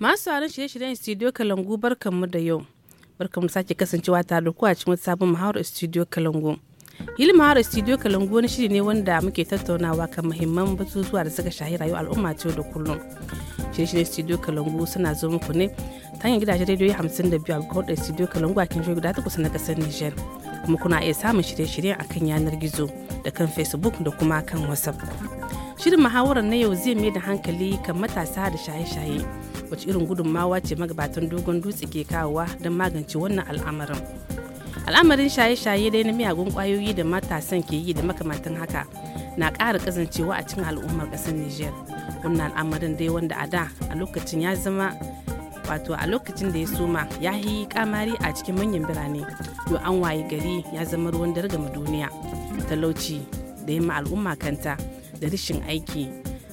masu sauran shirye-shiryen studio kalangu barkanmu da yau barkanmu sake kasancewa tare da a cikin sabon mahawar studio kalangu hilin mahawar studio kalangu wani shiri ne wanda muke tattaunawa kan muhimman batutuwa da suka shahi rayuwar al'umma ta da kullum shirye-shiryen studio kalangu suna zo muku ne ta hanyar gidajen rediyo hamsin da biyu a studio kalangu a kin guda takwas na kasar niger kuma kuna iya samun shirye-shiryen akan yanar gizo da kan facebook da kuma kan whatsapp Shirin muhawarar na yau zai mai da hankali kan matasa da shaye-shaye. Wacce irin gudunmawa ce magabatan dogon dutse ke kawowa don magance wannan al'amarin. Al'amarin shaye-shaye dai na miyagun kwayoyi da matasan ke yi da makamantan haka na ƙara kazancewa a cikin al'ummar ƙasar Nijar. Wannan al'amarin dai wanda a da a lokacin ya zama wato a lokacin da ya soma ya yi kamari a cikin manyan birane yau an waye gari ya zama ruwan dargama duniya talauci da yamma al'umma kanta da rashin aiki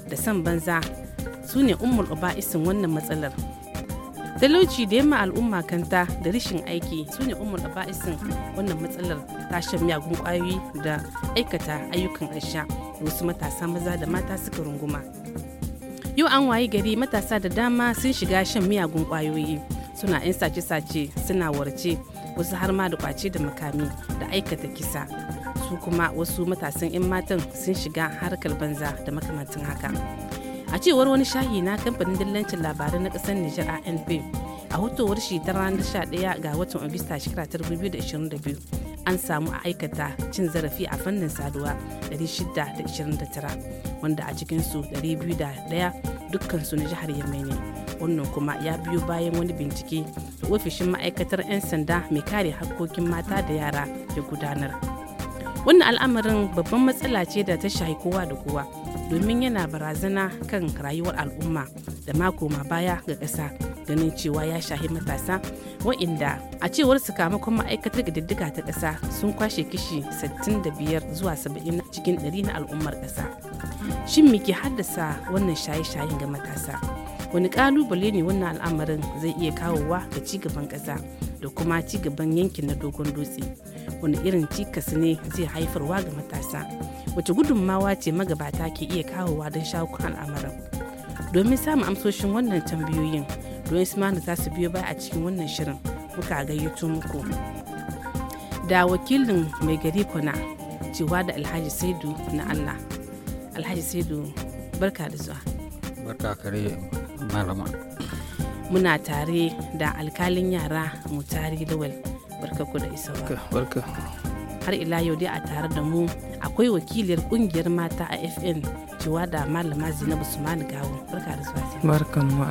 da san banza su ne ummul isin wannan matsalar talauci da yamma al'umma kanta da rashin aiki su ne ummul isin wannan matsalar tashin miyagun kwayoyi da aikata ayyukan asha da wasu matasa maza da mata suka runguma yau an wayi gari matasa da dama sun shiga shan miyagun kwayoyi suna 'yan sace-sace suna warce wasu har ma da kwace da makami da aikata kisa su kuma wasu matasan 'yan matan sun shiga harkar banza da makamantan haka a cewar wani shahi na kamfanin dillancin labarai na kasar nijar anp a hutowar shi ta ranar 11 ga watan agusta shekara 2022 an samu a aikata cin zarafi a fannin saduwa 629 wanda a cikinsu 201 dukkansu na jihar yamai ne wannan kuma ya biyo bayan wani bincike da ofishin ma'aikatar 'yan sanda mai kare hakkokin mata da yara ya gudanar wannan al'amarin babban matsala ce da ta shahi kowa da kowa domin yana barazana kan rayuwar al'umma da mako ma baya ga ƙasa ganin cewa ya shahi matasa wa'inda a cewar sakamakon ma'aikatar diddika ta ƙasa sun kwashe kishi 65 zuwa 70 cikin 100 na al'ummar ƙasa shin me ke haddasa wannan shaye-shayen ga matasa wani kalubale ne wannan al'amarin zai iya kawowa ga cigaban ƙasa da kuma cigaban yankin na dogon dutse wani irin cikas ne zai haifarwa ga matasa wace gudunmawa ce magabata ke iya kawowa don shawo kan al'amarin domin samun amsoshin wannan tambayoyin don ismanu za su biyo baya a cikin wannan shirin muka gayyato muku da wakilin mai gari kuna cewa da alhaji saidu na allah alhaji saidu barka da zuwa barka kare malama muna tare da alkalin yara mutari lawal barka ku da isa barka har ila yau dai a tare da mu akwai wakiliyar kungiyar mata a fn cewa da malama zinabu sumani gawo barka da Barka barkan mu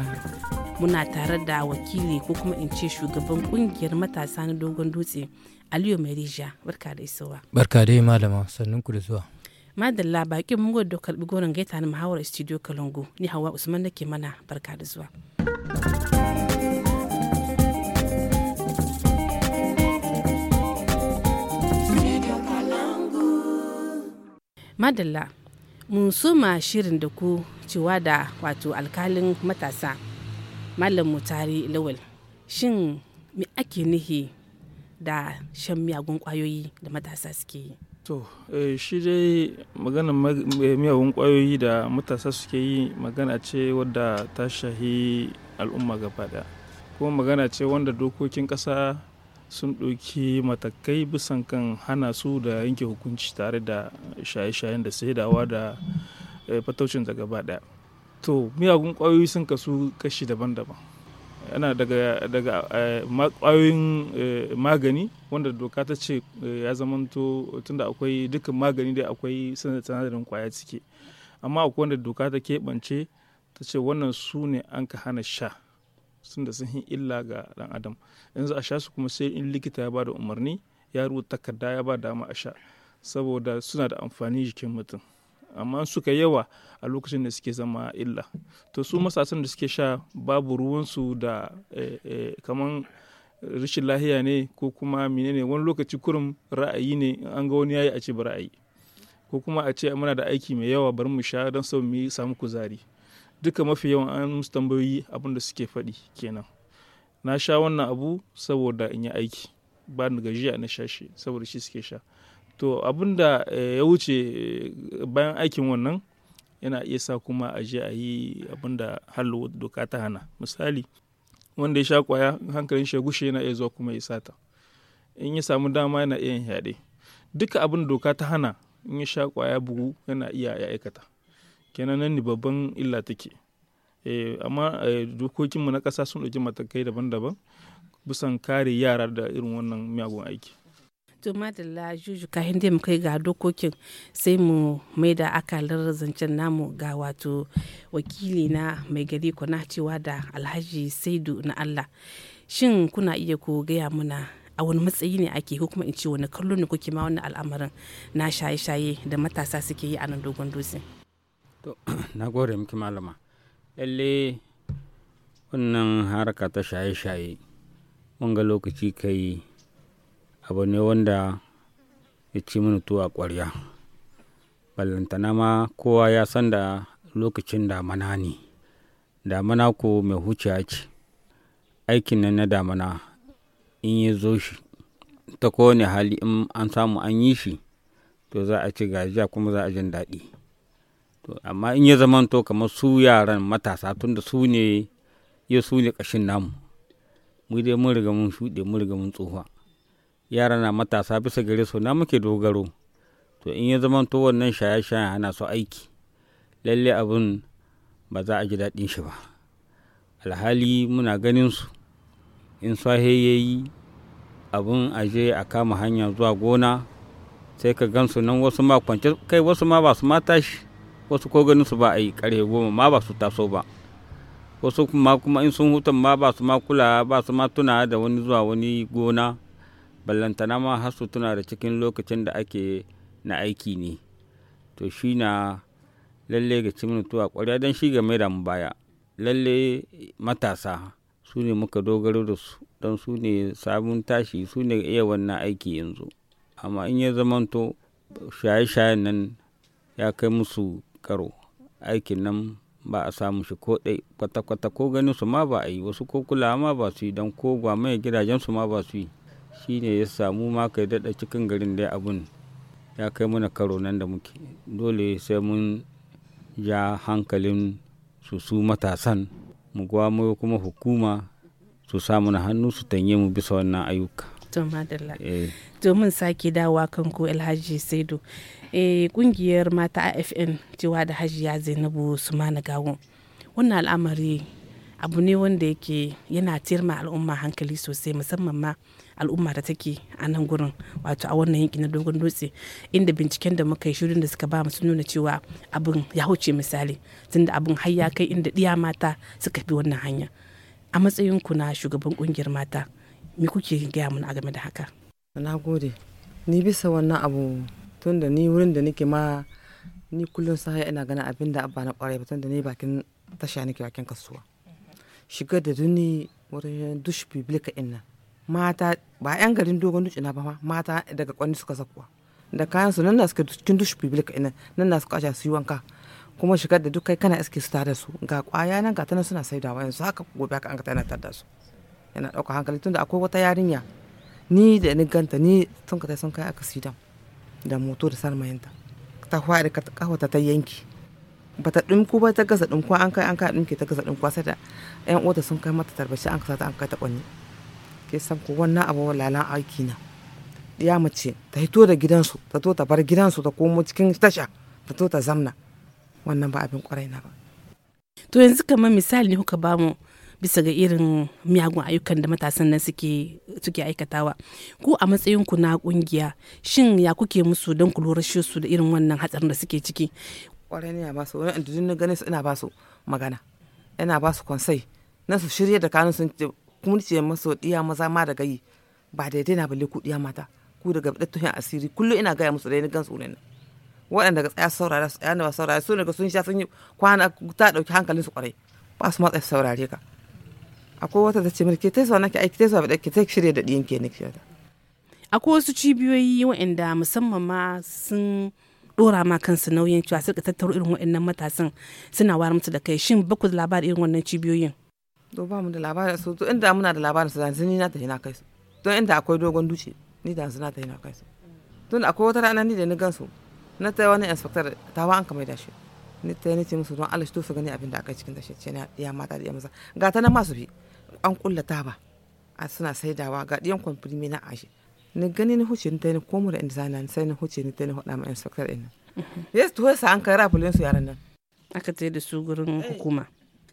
muna tare da wakili ko kuma in ce shugaban kungiyar matasa na dogon dutse aliyu mai barka da isowa barka dai malama sannun ku da zuwa madalla bakin mu da karbi goron gaita na muhawar studio kalungu ni hawa usman nake mana barka da zuwa madalla mun soma shirin da ku cewa da wato alkalin matasa malam mutari lawal shin me ake nihi da shan miyagun kwayoyi da matasa suke yi To, eh, shi dai magana eh, miyagun kwayoyi da matasa suke yi magana ce wadda ta shahi al'umma gaba ɗaya. Kuma magana ce wanda dokokin ƙasa sun ɗauki matakai bisan kan hana su da yanke hukunci tare da shaye-shayen da saidawa da eh, fataucin da gaba ɗaya. To, miyagun kwayoyi sun kasu kashi daban-daban. yana daga daga eh, kwayoyin eh, magani wanda doka ta ce eh, ya zamanto tunda akwai dukkan magani da akwai sanadarin kwaya ciki amma akwai wanda doka ta keɓance ta ce wannan su ne an ka hana sha sun da sun illa ga dan adam yanzu a sha su kuma sai in likita ya ba da umarni ya rubuta takarda ya ba dama a sha saboda suna da amfani jikin mutum amma suka yawa a lokacin da suke zama illa to su matasan da suke sha babu ruwansu da eh, eh, kaman rashin lahiya ne ko kuma menene wani lokaci kurum ra'ayi ne an ga wani yayi a ce ra'ayi ko kuma a ce muna da aiki mai yawa bari mu sha don sau mu samu kuzari duka mafi yawan an musu tambayoyi abin da suke faɗi kenan na sha wannan abu saboda in yi aiki ba ni gajiya na sha shi saboda shi suke sha to abin da eh, ya wuce eh, bayan aikin wannan yana iya sa kuma a je a yi abin da doka ta hana misali wanda ya sha kwaya hankalin shi gushe yana iya zuwa kuma ya sata in ya samu dama yana iya yaɗe duka abin doka ta hana in ya sha kwaya bugu yana iya ya aikata kenan nan ne babban illa take eh, amma dokokinmu na ƙasa sun ɗauki matakai daban-daban bisan kare yara da irin wannan miyagun aiki to madalla juju ka dai mu kai ga dokokin sai mu mai da akalar zancen namu ga wato wakili na mai gari kuna cewa da alhaji saidu na allah shin kuna iya ko gaya muna a wani matsayi ne ake ko kuma in ce wani kallon ne kuke ma wani al'amarin na shaye-shaye da matasa suke yi a nan dogon dutse to na gore miki malama lalle wannan haraka ta shaye-shaye wanga lokaci kai abu ne wanda ya ci mini tuwa ƙwarya ballantana ma kowa ya san da lokacin damana ne damana ko mai huciya ce aikin nan na damana in ya zo shi ta kowane hali in an samu an yi shi to za a ci gajiya kuma za a jin daɗi amma in ya to kamar su yaran matasa tun da su ne ya su ne ƙashin namu mu dai mun riga mun shuɗe mun riga mun tsufa yara na matasa bisa gare su na muke dogaro to in ya zama to wannan shaye-shaye ana su aiki lalle abin ba za a ji daɗin shi ba alhali muna ganin su in swahe ya yi abin aje a kama hanya zuwa gona sai ka gansu nan wasu ma kwance kai wasu ma ba su ma tashi wasu ko ganin su ba a yi ƙarfe goma ma ba su taso ba wasu kuma kuma in sun huta ma ba su ma kula ba su ma tuna da wani zuwa wani gona ballantana ma har su tuna da cikin lokacin da ake na aiki ne to shi na lalle ga tuwa kwarya don shi game da mu baya lalle matasa su ne muka dogaro da su don su ne sabon tashi su ne iya wannan aiki yanzu amma in ya zamanto shaye-shayen nan ya kai musu karo aikin nan ba a samu shi ko ɗai kwata-kwata ko ganin su ma ba a yi wasu ko ma ba su yi don ko mai gidajen su ma ba su yi shi ne ya samu ma kai daɗa cikin garin dai abun ya kai mana karo nan da muke dole sai mun ja hankalin su su matasan mu gwamo kuma hukuma su samu na hannu su tanye mu bisa wannan ayyuka eh. domin sake dawa kanku alhaji saido kungiyar eh, mata afn cewa da ya zainabu su mana gawo wannan al'amari abu ne wanda yake yana tirma al'umma hankali sosai musamman ma al'umma da take a nan gurin wato a wannan yanki na dogon dutse inda binciken da muka yi shirin da suka ba mu sun nuna cewa abin ya wuce misali tunda abin har ya kai inda ɗiya mata suka bi wannan hanya a matsayin ku na shugaban kungiyar mata me kuke gaya mana game da haka na gode ni bisa wannan abu tunda ni wurin da nake ma ni kullum sai ina ganin abin da abba na kwarai da ni bakin tasha nake bakin kasuwa shiga da duni wurin dush biblika inna mata ba 'yan garin dogon duci na ba ma mata daga kwanni suka sakuwa da kayan su nan na suka cikin dushi biblika ina nan na suka su yi wanka kuma shigar da duk kai kana iske su tare su ga kwaya nan ga tana suna wayan yanzu haka gobe haka an ka tana tada su yana dauka hankali tunda akwai wata yarinya ni da ni ganta ni sun ka sun kai aka sidan da moto da salmayinta ta da ka kawata ta yanki bata dinku ba ta gasa dinku an kai an kai dinki ta gasa dinku sai da yan uwa sun kai mata tarbashi an kasa ta an kai ta kwanni ke san ko wannan abu lalan aiki na ya mace ta hito da gidansu ta to ta bar gidansu ta komo cikin tasha ta to ta zamna wannan ba abin kwarai na ba to yanzu kamar misali ne kuka bamu bisa ga irin miyagun ayyukan da matasan nan suke suke aikatawa ko a matsayin ku na kungiya shin ya kuke musu don ku lura su da irin wannan hatsarin da suke ciki kwarai ne ba su wani ganin su ina ba su magana ina ba su konsai na su shirya da kanun sun kuma ce maso diya maza ma daga yi ba daidai na balle ku diya mata ku daga da tuhin asiri kullu ina gaya musu da ni gansu ne waɗanda ga tsaya saurara su yana saurara su ne ga sun sha sun yi kwana ta ɗauki hankalin su kwarai ba su matsa saurare ka akwai wata ta ce mai ke taisa wani ke aiki taisa ba da ke taisa shirya da ɗiyan ke ne ke akwai wasu cibiyoyi waɗanda musamman ma sun dora ma kansu nauyin cewa ka tattaro irin waɗannan matasan suna wayar musu da kai shin baku labarin irin wannan cibiyoyin to ba mu da labarin su to inda muna da labarin su zanzini na ta na kai su don inda akwai dogon duce ni da yanzu na tafi na kai su tun akwai wata rana ni da ni gan su na ta wani inspector ta wa an kamar da shi ni ta ni ce musu don Allah to su gani abin da aka cikin da shi ce na ya mata da ya maza ga ta nan ma su bi an kulla ba a suna saidawa ga diyan kwamfirmi na ashe ni gani ni huce ni ta ni komo da inda zana sai ni huce ni ta ni hada ma inspector din mm-hmm. yes to sai an kai rafulin su yaran nan aka tsaye da su gurin hukuma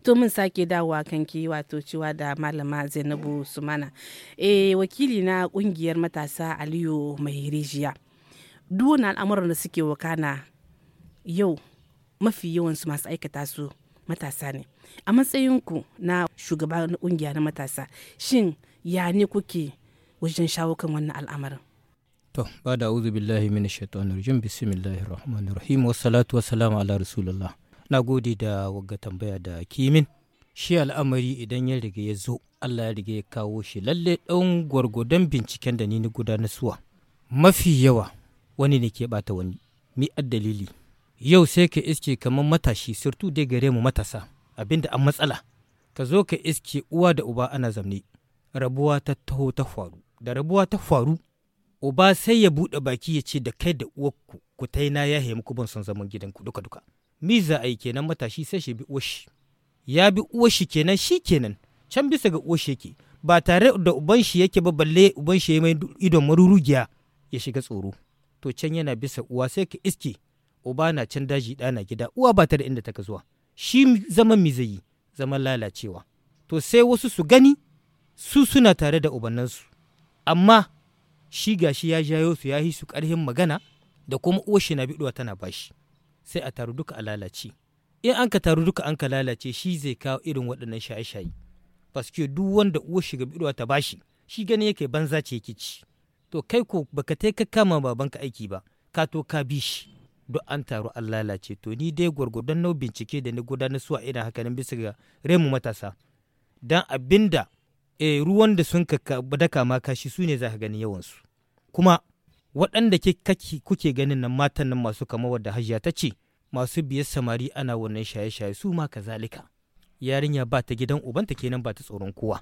to mun sake dawowa kanki wato cewa da malama zainabu sumana e wakili na kungiyar matasa aliyu mai rijiya duwana al'amuran da suke wakana yau mafi yawansu masu aikata su matasa ne a matsayinku na shugaba na kungiya na matasa shin ya ne kuke wajen shawo kan wannan al'amarin to ba da auzu billahi min shaitanir jin bismillahir rahmanir rahim wassalatu wassalamu ala rasulillah na gode da wagga tambaya da kimin shi al'amari idan ya riga ya zo allah ya riga ya kawo shi lalle ɗan gwargwadon binciken da ni na gudanar suwa mafi yawa wani ne ke bata wani mi dalili yau sai ka iske kamar matashi surtu dai gare mu matasa abinda an matsala ka zo ka iske uwa da uba ana zamne rabuwa ta taho ta faru da rabuwa ta faru uba sai ya buɗe baki ya ce da kai da uwarku ku ta na ya muku ban son zaman gidanku duka-duka mi za a yi kenan matashi sai shi bi uwashi ya bi uwashi kenan shi kenan can bisa ga uwashi yake ba tare da uban shi yake ba balle uban shi ya mai idon marurugiya ya shiga tsoro to can yana bisa uwa sai ka iske uba na can daji ɗana gida uwa ba ta da inda ta zuwa shi zaman mi zai yi zaman lalacewa to sai wasu su gani su suna tare da ubannansu amma shi gashi ya jayo su ya yi su karhin magana da kuma uwa shi na biɗuwa tana bashi sai a taru duka a lalace in an ka taru duka an ka lalace shi zai kawo irin waɗannan shaye-shaye paske duk wanda uwa shiga bidwa ta bashi shi gani yake banza ce yake ci to kai ko baka tai ka kama babanka aiki ba ka to ka bi shi duk an taru an lalace to ni dai gwargwadon nau bincike da ni gudanar suwa ina haka nan bisa ga remu matasa dan abinda e, eh, ruwan da sun ka daka ma kashi su ne za ka gani yawansu kuma waɗanda kuke ganin nan matan nan masu kama wadda hajiya ta ce masu biyar samari ana wannan shaye-shaye su ma kazalika yarinya ba ta gidan ubanta kenan ba ta tsoron kowa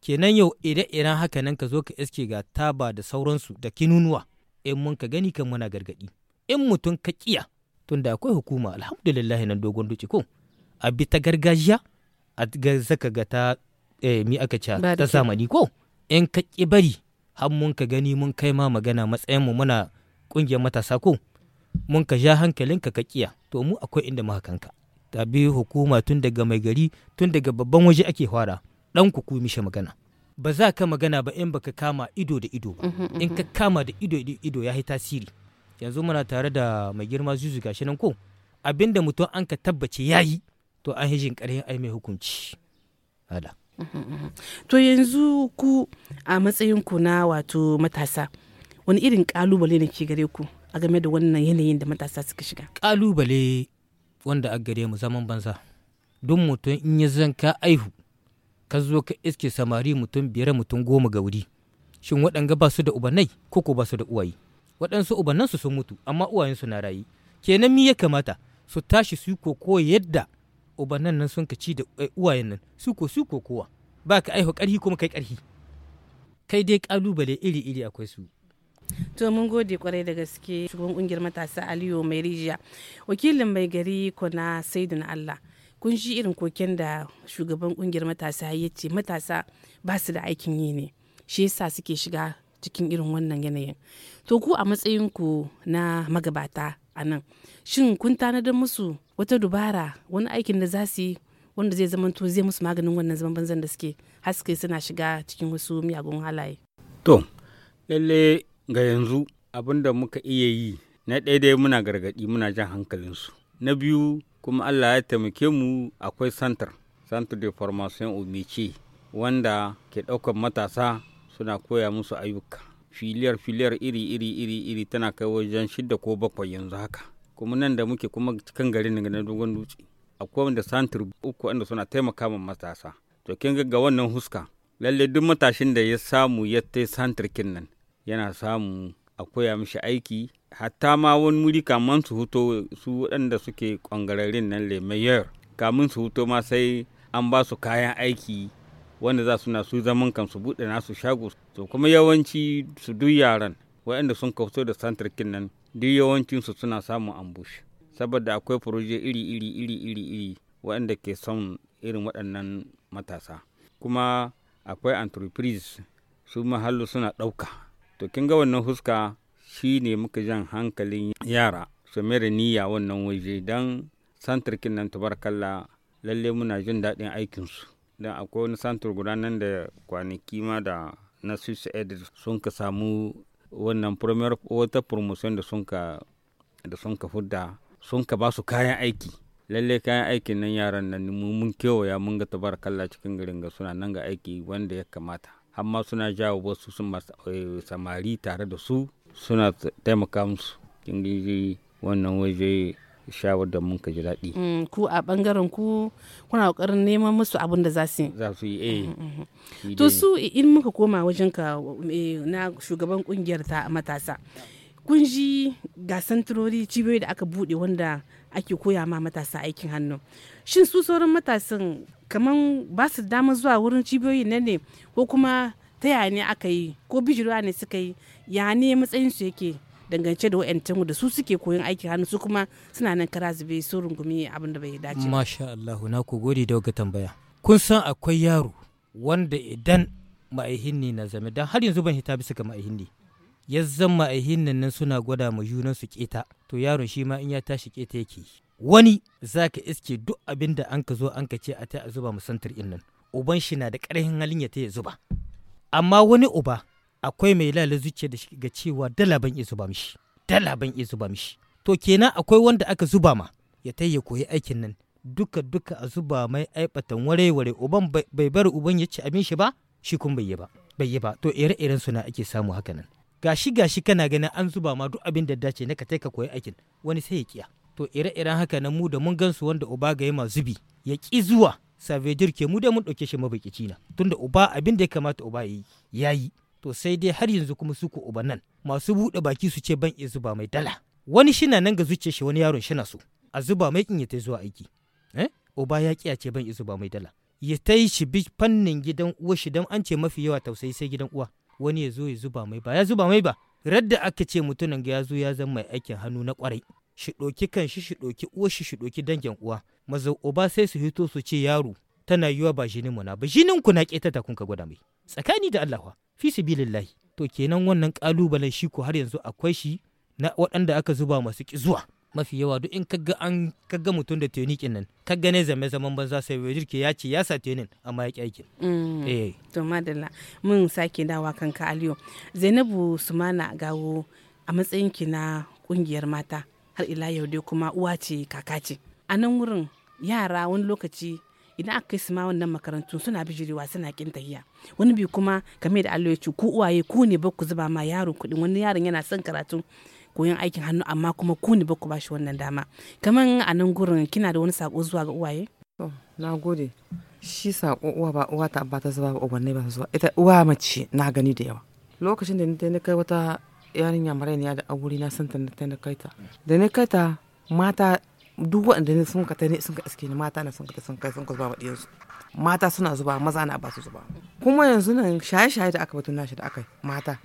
kenan yau ire-iren haka nan ka zo ka iske ga taba da sauransu da kinunuwa in mun ka gani kan muna gargaɗi in mutum ka kiya tunda akwai hukuma alhamdulillah nan dogon duci ko a bi ta gargajiya a zaka ga ta eh, mi aka ta zamani ko in ka ki bari har mun ka gani mun kai ma magana matsayin mu muna ƙungiyar matasa ko mun ka ja hankalinka ka kiya to mu akwai inda muka kanka bi hukuma tun daga mai gari tun daga babban waje ake fara dan ku ku mishi magana ba za ka magana ba in baka kama ido da ido ba in ka kama da ido da ido ya yi tasiri yanzu muna tare da mai girma zuzu gashi nan ko abinda mutum an ka tabbace yayi to an hijin ƙarhin ai mai hukunci ala To yanzu ku a matsayin ku na wato matasa wani irin kalubale ne ke gare ku a game da wannan yanayin da matasa suka shiga? Kalubale wanda a gare mu zaman banza. Don mutum in ya zan ka aihu ka zo ka iske samari mutum biyar mutum goma ga wuri. Shin waɗanga ba su da ubanai ko ko ba su da uwaye? Waɗansu ubannansu sun mutu amma uwayensu na rayu. Kenan mi ya kamata su tashi su yi koko yadda ubannan nan sun ka ci da eh, uwayen nan su ko su ko kowa ba ka aiho ƙarhi kuma kai ƙarhi kai dai kalubale iri-iri akwai su to mun gode kwarai da gaske shugaban kungiyar matasa aliyu mai rijiya wakilin mai gari kuna saidun allah kun shi irin koken da shugaban kungiyar matasa ya ce matasa ba su da aikin yi ne shi yasa suke shiga cikin irin wannan yanayin to ku a matsayinku na magabata a nan shin kun tanadar musu wata dubara wani aikin da za su yi wanda zai zama zamanto zai musu maganin wannan zaman banzan da suke haske suna shiga cikin wasu miyagun halaye. To, lalle ga yanzu abin da muka iya yi na ɗaya dai muna gargaɗi muna jan hankalinsu. Na biyu kuma Allah ya taimake mu akwai santar, santar de formation omice wanda ke ɗaukar matasa suna koya musu ayyuka. Filiyar filiyar iri iri iri iri tana kai wajen shidda ko bakwai yanzu haka. kuma nan da muke kuma cikin garin na dogon dutse akwai wanda santur uku wanda suna taimaka ma matasa to kin ga wannan huska lalle duk matashin da ya samu ya tai santur kin nan yana samu a koya mishi aiki hatta ma wani muri kaman su huto su waɗanda suke kwangararin nan le mayor kamun su huto ma sai an ba su kayan aiki wanda za su na su zaman kan su buɗe nasu shago to kuma yawanci su duk yaran waɗanda sun kauso da santarkin nan duk yawancinsu suna samun ambush saboda akwai furoje iri iri iri iri iri waɗanda ke son irin waɗannan matasa kuma akwai entreprise su mahallu suna ɗauka to kin ga wannan huska shi ne muka jan hankalin yara su mera niyya wannan waje don santarkin nan kalla lalle muna jin daɗin aikinsu don akwai wani santar guda nan da kwanaki ma da na sun ka samu wannan premier wata promotion da sun ka da sun ka fudda sun ka ba su kayan aiki lalle kayan aikin nan yaran nan mun kewaya mun ga kalla cikin garin ga suna nan ga aiki wanda ya kamata amma suna jawo wasu sun eh, samari tare da su suna taimaka musu kin wannan waje shawar da mun daɗi. Mm, ku a ɓangaren ku kuna ƙoƙarin neman musu abin da za su yi. za su eh. Mm, mm, to su in muka koma wajen ka eh, na shugaban ƙungiyar ta matasa kun ji gasan santurori cibiyoyi da aka buɗe wanda ake koya ma matasa aikin hannu shin su sauran matasan kaman ba su dama zuwa wurin cibiyoyi nan ne ko kuma ta yaya ne aka yi ko bijirwa ne suka yi ya ne matsayin su yake dangance da mu da su suke koyon aikin hannu su kuma suna nan kara zube su rungumi abin da bai dace masha Allah na ku gode da wata tambaya kun san akwai yaro wanda idan ne na zame dan har yanzu ban hita bisa ga ne. ya zan ma'aihin nan suna gwada ma junan su keta to yaron shi ma in ya tashi keta yake wani zaka iske duk abin da an ka zo an ka ce a ta a zuba musantar innan nan uban shi na da ƙarfin halin ya ta ya zuba amma wani uba akwai mai lala zuciya da ga cewa dala ban iya zuba mishi dala ban iya zuba mishi to kenan akwai wanda aka zuba ma ya tai ya koyi aikin nan duka duka a zuba mai aibatan ware ware uban bai bar uban ya ci abin shi ba shi kun bai yi ba bai yi ba to ire iren suna ake samu haka nan gashi gashi kana ganin an zuba ma duk abin da dace na ka tai ka koyi aikin wani sai ya kiya to ire iren haka nan mu da mun gansu wanda uba ga ma zubi ya ki zuwa savedir ke mu da mun dauke shi mabakici na tunda uba abin da ya kamata uba yi yayi to sai dai har yanzu kuma su ku ubannan masu buɗe baki su ce ban iya zuba mai dala wani shina nan ga zuciya shi wani yaron shina so a zuba mai kin ya ta zuwa aiki eh uba ya kiya ce ban iya zuba mai dala ya ta yi shi bi fannin gidan uwa shi dan an ce mafi yawa tausayi sai gidan uwa wani ya zo ya zuba mai ba ya zuba mai ba radda aka ce mutumin ga ya zo ya zama mai aikin hannu na kwarai shi ɗoki kan shi shi ɗoki uwa shi shi ɗoki dangin uwa maza uba sai su hito su ce yaro tana yiwa ba jinin mu na ba jinin ku na ta kun ka gwada mai tsakani da Allah fi sabilillahi to kenan wannan kalubalen shi ko har yanzu akwai shi na waɗanda aka zuba masu kizuwa zuwa mafi yawa duk in kaga an kaga mutum da tunikin nan kaga ne zame zaman banza sai bai jirke ya ce ya sa tunin amma ya ki mm. eh to madalla mun sake dawa kanka aliyo zainabu sumana gawo a matsayin ki na kungiyar mata har ila yau dai kuma uwa ce kaka ce a nan wurin yara wani lokaci idan aka kai su ma wannan makarantun suna bijirewa suna kin tahiya wani bi kuma kamar da Allah ya ce ku uwaye ku ne ba ku zuba ma yaro kuɗin wani yaron yana son karatu koyon aikin hannu amma kuma ku ne ba ku bashi wannan dama kamar a nan gurin kina da wani sako zuwa ga uwaye na gode shi sako uwa ba uwa ta ba ta zuba ba ubanne ba zuwa ita uwa mace na gani da yawa lokacin da ni kai wata yarinya marainiya da aure na san ta na kai ta da ni kai ta mata duk waɗanda ne sun ka ne sun ka iske ni mata na sun ka sun kai sun ka zuba ma ɗiyansu mata suna zuba maza na ba su zuba kuma yanzu nan shaye-shaye da aka batun nashi da aka yi mata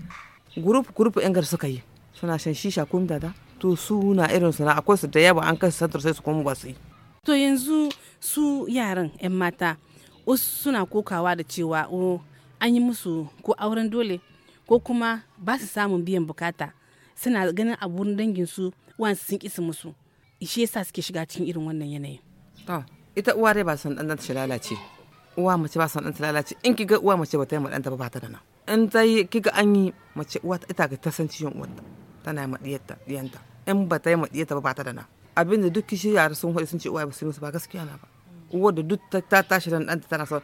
gurup gurup ɗin gar suka yi suna shan shisha ko dada to su na irin suna akwai su da yawa an kai su santar sai su koma ba su yi to yanzu su yaran yan mata wasu suna kokawa da cewa o oh, an yi musu ko auren dole ko kuma ba su samun biyan bukata suna ganin abun dangin su wansu sun kisa musu shi yasa suke shiga cikin irin wannan yanayin to ita uwa dai ba san dan ta lalace uwa mace ba san dan ta lalace in kiga uwa mace ba ta yi dan ta ba ta da nan in ta yi kiga an yi mace uwa ita ga ta san ciwon uwarta tana ma diyarta diyanta in ba ta yi ma ta ba ta da nan abin da duk kishi yara sun faɗi sun ce uwa ba su musu ba gaskiya na ba uwar da duk ta tashi dan ta tana son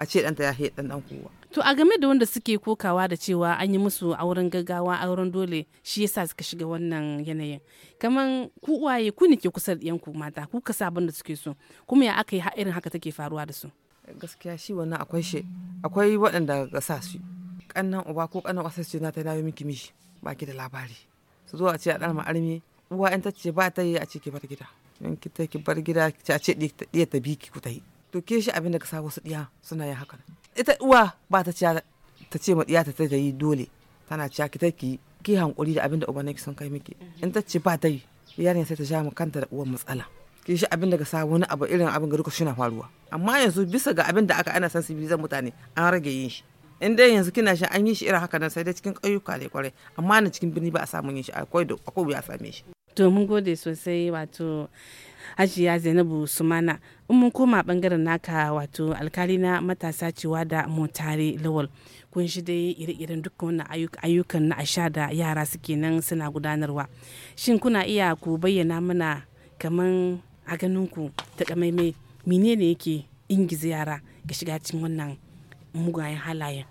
a ce ɗanta ya haɗa ɗan kowa. To a game da wanda suke kokawa da cewa an yi musu auren gaggawa auren dole shi yasa suka shiga wannan yanayin. Kaman ku uwaye ku ne ke kusa da ku mata ku ka sabon da suke so kuma ya aka yi irin haka take faruwa da su. Gaskiya shi wannan akwai shi akwai waɗanda ga sa su kannan uba ko kannan wasa ce na ta nayo miki mishi ki da labari su zo a ce a ɗan ma'armi uwa in ta ce ba ta yi a ce ki bar gida. Yan ki ta ki bar gida a ce ɗiya ta bi ku ta yi. to ke shi abin da ka sa wasu ɗiya suna yin haka ita uwa ba ta ciya ta ce ma diya ta ta yi dole tana ciya ki ki ki hankuri da abin da uba nake son kai miki mhm. in ta ce ba ta yi sai ta sha mu kanta da uwan matsala ke shi abin da ka sa wani abu irin abin ga duka shina faruwa amma yanzu bisa ga abin da aka ana san zan mutane an rage yin shi in dai yanzu kina shi an yi shi irin haka nan sai dai cikin ƙauyuka ne kwarai amma na cikin birni ba a samu yin shi akwai da akwai ya same shi to mun gode sosai wato hajiya zainabu sumana in mun koma bangaren naka wato alkali na matasa cewa da motare lawal kun shi dai ire-iren dukkan wannan ayyukan na asha da yara suke nan suna gudanarwa shin kuna iya ku bayyana mana kaman a ganinku ta kamaimai menene yake ingiza yara ga shiga cikin wannan mugayen halayen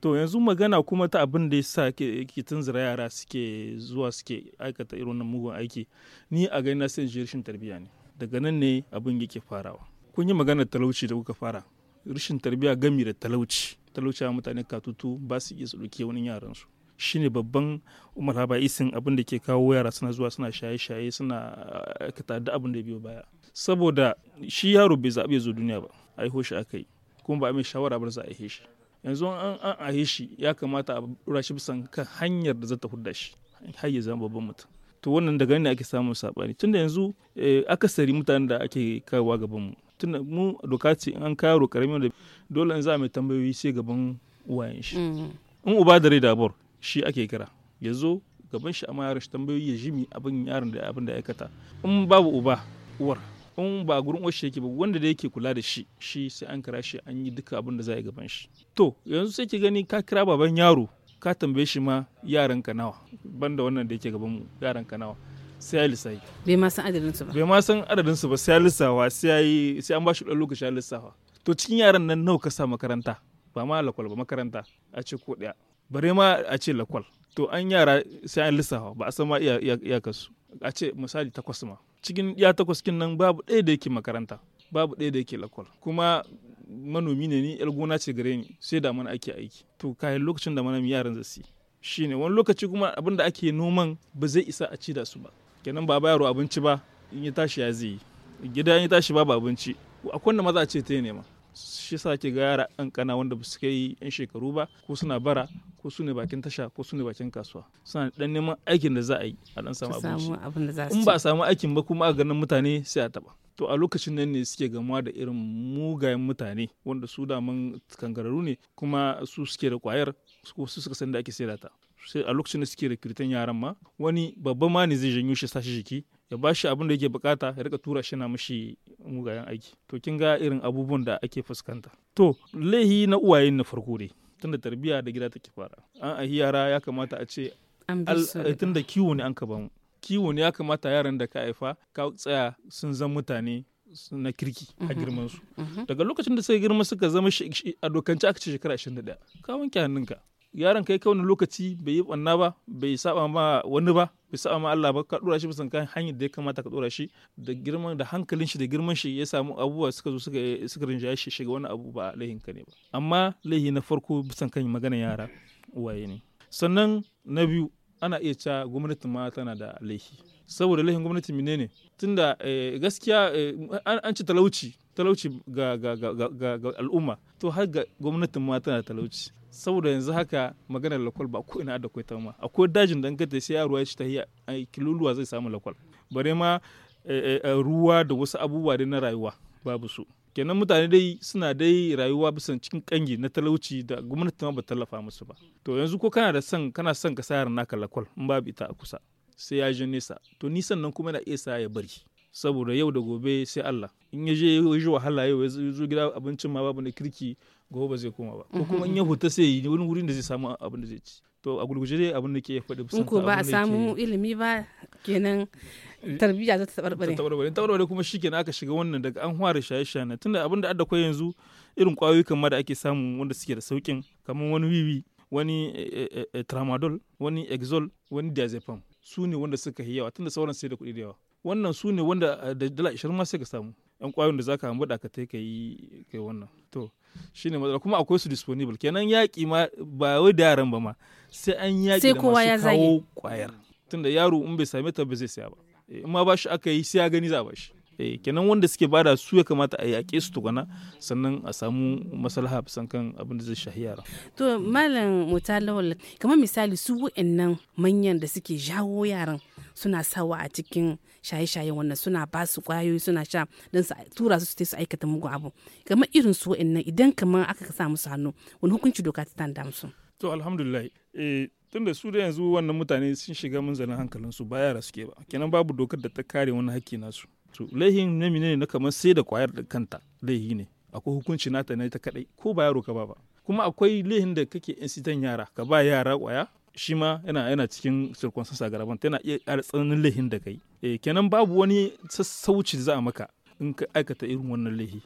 to yanzu magana kuma ta abin da ya sa ke tunzura yara suke zuwa suke aikata irin mugun aiki ni a gani na sai rashin tarbiyya ne daga nan ne abin yake farawa kun yi magana talauci da kuka fara rashin tarbiyya gami da talauci talauci a mutane katutu ba su iya su wani yaransu shine babban umar haba isin abin da ke kawo yara suna zuwa suna shaye-shaye suna ah, aikata da abin da biyo baya saboda shi yaro bai zaɓe zo duniya ba a shi aka yi kuma ba a mai shawara ba za a yi shi yanzu an an ahe shi ya kamata a dora shi bisan kan hanyar da za ta hudda shi har ya zama babban mutum to wannan daga ne ake samun sabani tunda yanzu eh, aka sari mutanen da ake kawo gaban mu tunda mu doka ce an kawo karamin da dole in za mai tambayoyi sai gaban uwayen shi mm. in uba da rai dabor shi ake kira ya zo gaban shi amma yaron shi tambayoyi ya jimi abin yaron da abin da aikata in babu uba uwar in ba gurin oshi yake ba wanda da yake kula da shi shi sai an kira shi an yi duka abin da za a yi gaban shi to yanzu sai ki gani ka kira baban yaro ka tambaye shi ma yaran ka nawa banda wannan da yake gaban mu yaran ka nawa sai ya lissafi bai ma san adadin su ba bai ma san adadin su ba sai ya lissafa sai sai an ba shi dan lokaci ya lissafa to cikin yaran nan nawa ka sa makaranta ba ma lakwal ba makaranta a ce ko daya bare ma a ce lakwal to an yara sai an lissafa ba a san ma iyakarsu a ce misali takwas ma cikin ya takwas kin nan babu ɗaya da yake makaranta babu ɗaya da yake lakwal kuma manomi ne ni yar gona ce gare ni sai da mana ake aiki to kayan lokacin da mana yaran zasu ne wani lokaci kuma abin da ake noman ba zai isa a ci da su ba kenan ba yaro abinci ba in ya tashi ya zai yi gida in ya tashi babu abinci akwai wanda maza a ce ta yi nema shi sa ke ga yara ƙanƙana wanda ba su kai 'yan shekaru ba ko suna bara ko su ne bakin tasha ko su ne bakin kasuwa suna dan neman aikin da za a yi a dan samu abinci in ba a samu aikin ba kuma a ganin mutane sai a taba to a lokacin nan ne suke gamuwa da irin mugayen mutane wanda su daman kangararu ne kuma su suke da kwayar ko su suka san da ake saida ta sai a lokacin da suke rikiritan yaran ma wani babba ma ne zai janyo shi sashi jiki ya ba shi abin da yake bukata ya rika tura shi na mishi mugayen aiki to kin ga irin abubuwan da ake fuskanta to laihi na uwaye na farko ne tunda tarbiyya da gida take fara an ahi yara ya kamata a ce eh, tunda kiwo ne an ka bamu kiwo ne ya kamata yaran da ka haifa ka tsaya sun zan mutane na kirki a mhm. girmansu. Mhm. daga lokacin da sai girma suka zama a dokance aka ce shekara 21 ka wanke hannunka yaron kai kawai lokaci bai yi banna ba bai saba ma wani ba bai saba ma Allah ba ka dora shi bisan kan hanyar da ya kamata ka dora shi da girman da hankalin shi da girman shi ya samu abubuwa suka zo suka suka rinjaya shi shiga wani abu ba laihin ka ne ba amma laihi na farko bisan kan magana yara uwaye ne sannan na biyu ana iya ca gwamnati ma tana da laihi saboda laihin gwamnati ne tunda eh, gaskiya eh, an ci talauci talauci ga al'umma to har ga gwamnatin ma tana talauci saboda yanzu haka maganar lakwal ba ko ina da kai ta ma akwai dajin da gata sai ruwa ya ci tahiya kiluluwa zai samu lakwal bare ma eh, eh, eh, ruwa da wasu abubuwa dai na rayuwa babu su kenan mutane dai suna dai rayuwa bisa cikin kangi na talauci da gwamnati ma ba tallafa musu ba to yanzu ko kana da son kana son ka sayar naka lakwal in babu ita a kusa sai ya je nesa to nisan nan kuma na iya sa ya bari saboda yau da gobe sai Allah in ya je ya wahala yau ya zo gida abincin ma babu na kirki gobe ba zai koma ba ko kuma in mhm. ya huta sai yi wani wurin da zai samu abin da zai ci to a gurguje dai abin da ke faɗi in ko ba a samu ilimi ba kenan tarbiyya za ta tabarbare ta tabarbare tabarbare kuma shikenan aka shiga wannan daga an fara shaye-shaye tunda abin da adda yanzu irin kwayoyi kamar da ake samu wanda suke da saukin kamar wani wiwi wani eh, eh, eh, tramadol wani exol wani diazepam su ne wanda suka yi yawa tunda sauran sai da kuɗi da yawa wannan su ne wanda da dala 20 ma sai ka samu yan kwayoyin da za ka hambuda ka ka yi kai wannan to shine matsala kuma akwai su disponible kenan yaƙi ma ba wai da yaran ba ma sai an yaƙi da masu kawo kwayar tunda yaro in bai same ta ba zai saya ba eh, in ma ba shi aka yi sai ya gani za a ba shi eh kenan wanda suke bada su ya kamata a yaƙe su tukuna sannan a samu maslaha bisan kan abin da zai shahi yara to malam mutalawal kamar misali su wa'annan manyan da suke jawo yaran suna sawa a cikin shaye-shaye wannan suna ba su kwayoyi suna sha don su tura su su aikata mugun abu kamar irin su wa'annan idan kamar aka sa musu hannu wani hukunci doka ta tanda musu to alhamdulillah eh tunda su da yanzu wannan mutane sun shiga mun zanen hankalinsu ba yara suke ba kenan babu dokar da ta kare wani hakki nasu to laihin na mine na kamar sai da kwayar da kanta laihi ne akwai hukunci nata ne ta kadai ko ba yaro ka ba ba kuma akwai laihin da kake isitan yara ka ba yara kwaya shi ma yana yana cikin circumstances garaban tana iya ƙara tsananin laihin da kai eh kenan babu wani sassauci za a maka in ka aikata irin wannan laihi